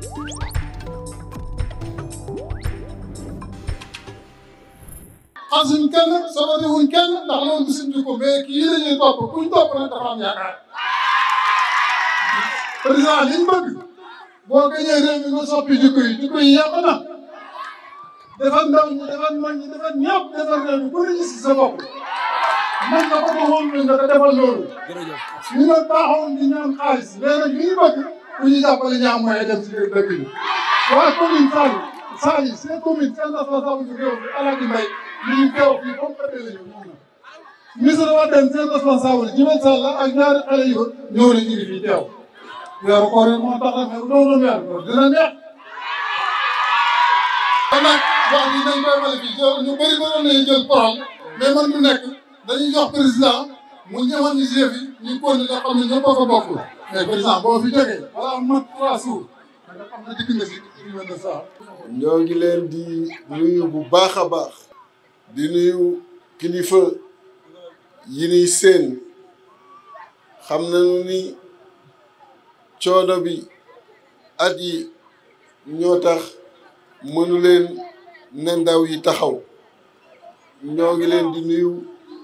xasuñ kenn sabati wuñ kenn ndax loolu du suñu jikko mais kii la ñuy topp kuñ topp nag dafa am yaakaar président liñ bëgg boo gañee réew mi nga soppi jikko yi jikko yi yàq na defar ndaw ñi defar mag ñi defar ñëpp defar réew mi ku ne gis sa bopp mën nga ko moom nga ko defal loolu ñu ne baaxoon di ñaan xaalis mais nag li ñu bëgg bu ñu jàppale ñu am moyen dem si dëkk bi waa commune Sall Sall yi seen commune seen responsable Alaaji Mbay ñu ngi teew fii comme que tey la ñu ñëw na. ministre Wadène seen responsable Jumel Sall ak ñaari xale yu ñëw na teew weeru koor yi moo tax nag loolu la meer loolu dina neex. kon nag wax bi nañ koy mën a fii ñu bëri mënoon nañu mu nekk dañuy jox président. mu ñëwoon ni jëf yi ñu continué xam ne ñëpp di nuyu bu baax a baax di nuyu kilifa yi nuy seen xam nañu ni coono bi at yi ñoo tax mënu leen ne ndaw yi taxaw ñoo leen di nuyu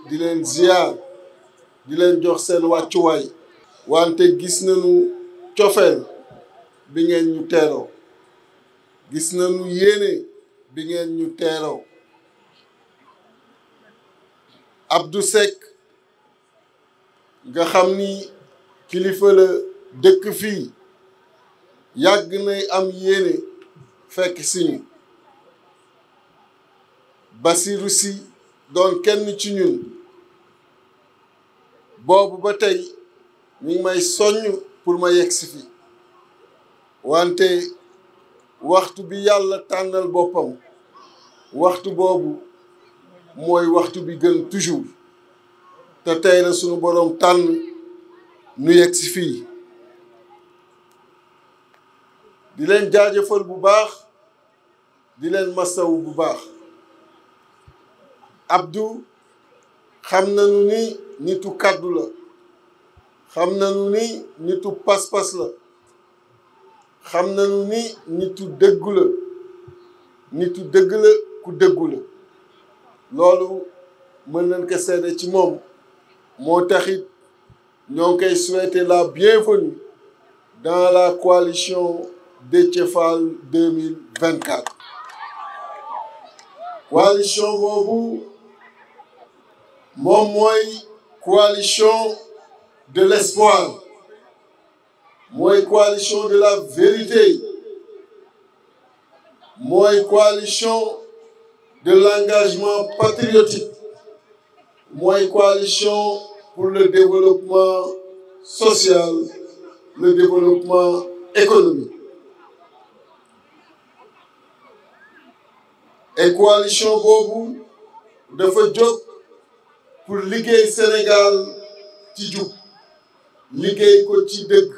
di leen ziar di leen jox seen wàccuwaay wante gis na nañu cofeel bi ngeen ñu teeroo gis nañu yéene bi ngeen ñu teeroo abdu Seck nga xam ni kilifa la dëkk fii yàgg nay am yéene fekk si ñu Basirou Sy doon kenn ci ñun boobu ba tey ñu may soññ pour ma yegg si fi wante waxtu bi yàlla tànnal boppam waxtu boobu mooy waxtu bi gën toujours te tey la sunu boroom tànn nu yegg si fii di leen jaajëfal bu baax di leen masawu bu baax Abdou xam nañu ni nitu kàddu la xam nañu ni nitu pas-pas la xam nañu ni nitu dëggu la nitu dëgg la ku dëggu la loolu mën nañ ko seede ci moom moo taxit ñoo ngi koy souhaiter la bienvenue dans la coalition Déthié Fall 2024 coalition boobu moom mooy coalition de l'espoir mooy coalition de la vérité mooy coalition de l'engagement patriotique mooy coalition pour le développement social le développement économique et coalition boobu dafa jóg pour liggéey Sénégal ci jub liggéey ko ci dëgg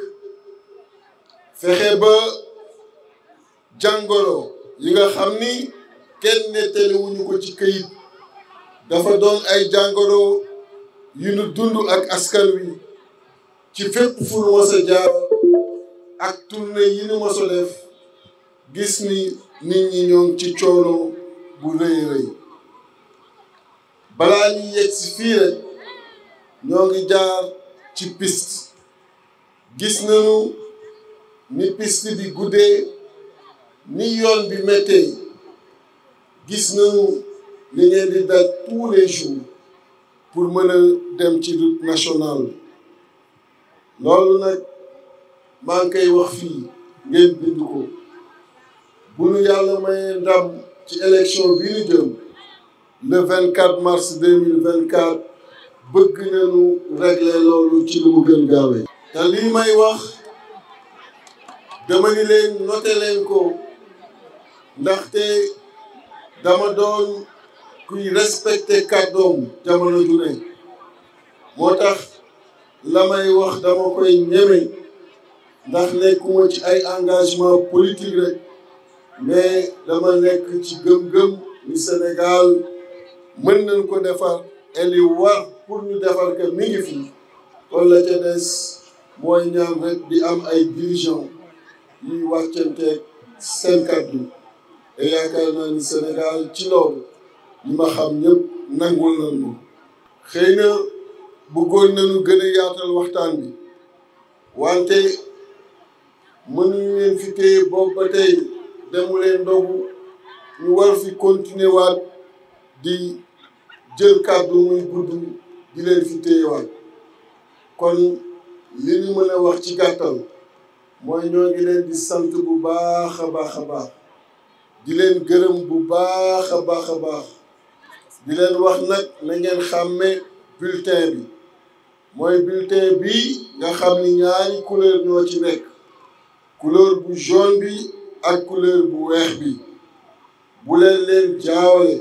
fexe ba jàngoro yi nga xam ni kenn nettali ko ci këyit dafa doon ay jàngoro yu nu dund ak askan wi ci fépp fu nu mos a jaar ak yi nu mos def gis ni nit ñi ñoom ci coono bu rëy rëy balaa ñuy yegg si fii rek ñoo ngi jaar ci piste gis nañu ni piste bi guddee ni bi méttee gis nañu li ngeen di daj tous les jours pour mën dem ci route loolu nag maa ngi wax fii ngeen bind ko bu nu yàlla mayee ndam ci élection bi le 24 mars 2024 bëgg nañu régler loolu ci lu mu gën gaawee. te may wax dama ni leen noté ko ndaxte dama doon kuy respecté kàddoom jamono ju ne moo tax la may wax dama koy ñeme ndax nekkuma ci ay engagement politique rek mais dama nekk ci gëm-gëm ni Sénégal. mën nañ ko defar et war pour ñu defar que mi ngi fi kon la mooy ñaan rek di am ay dirigeant yuy wàccanteeg seen bi te yaakaar naa ni Sénégal ci loolu ñi ma xam ñëpp nangul nañ ma xëy na bëggoon nañu gën a waxtaan bi wante mënuñu leen fi téye boobu ba tey demu leen ndogu ñu war fi continuer di jël kàddu muy gudd di leen fi téyewaat kon li ñu mën a wax ci gàttal mooy ñoo ngi leen di sant bu baax a baax a baax di leen gërëm bu baax a baax a baax di leen wax nag na ngeen xàmme bulletin bi mooy bulletin bi nga xam ni ñaay couleur ñoo ci nekk couleur bu jaune bi ak couleur bu weex bi bu leen leen jaawale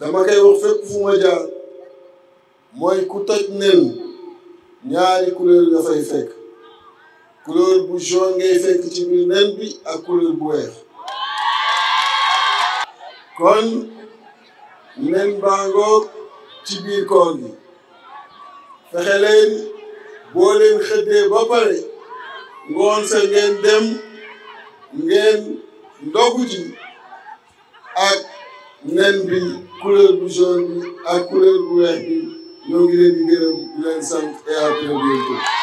dama koy wax fépp fu ma jaar ku toj nen ñaari couleur nga fay fekk bu jaune ngay fekk ci biir nen bi ak couleur bu weex kon nen baangoog ci biir koor gi fexe xëddee ba pare ngoon sa dem ngeen ndogu ak nen bi couleur bu soon bi ak couleur bu weex bi ñoo ngi leen di gërëm di leen sant et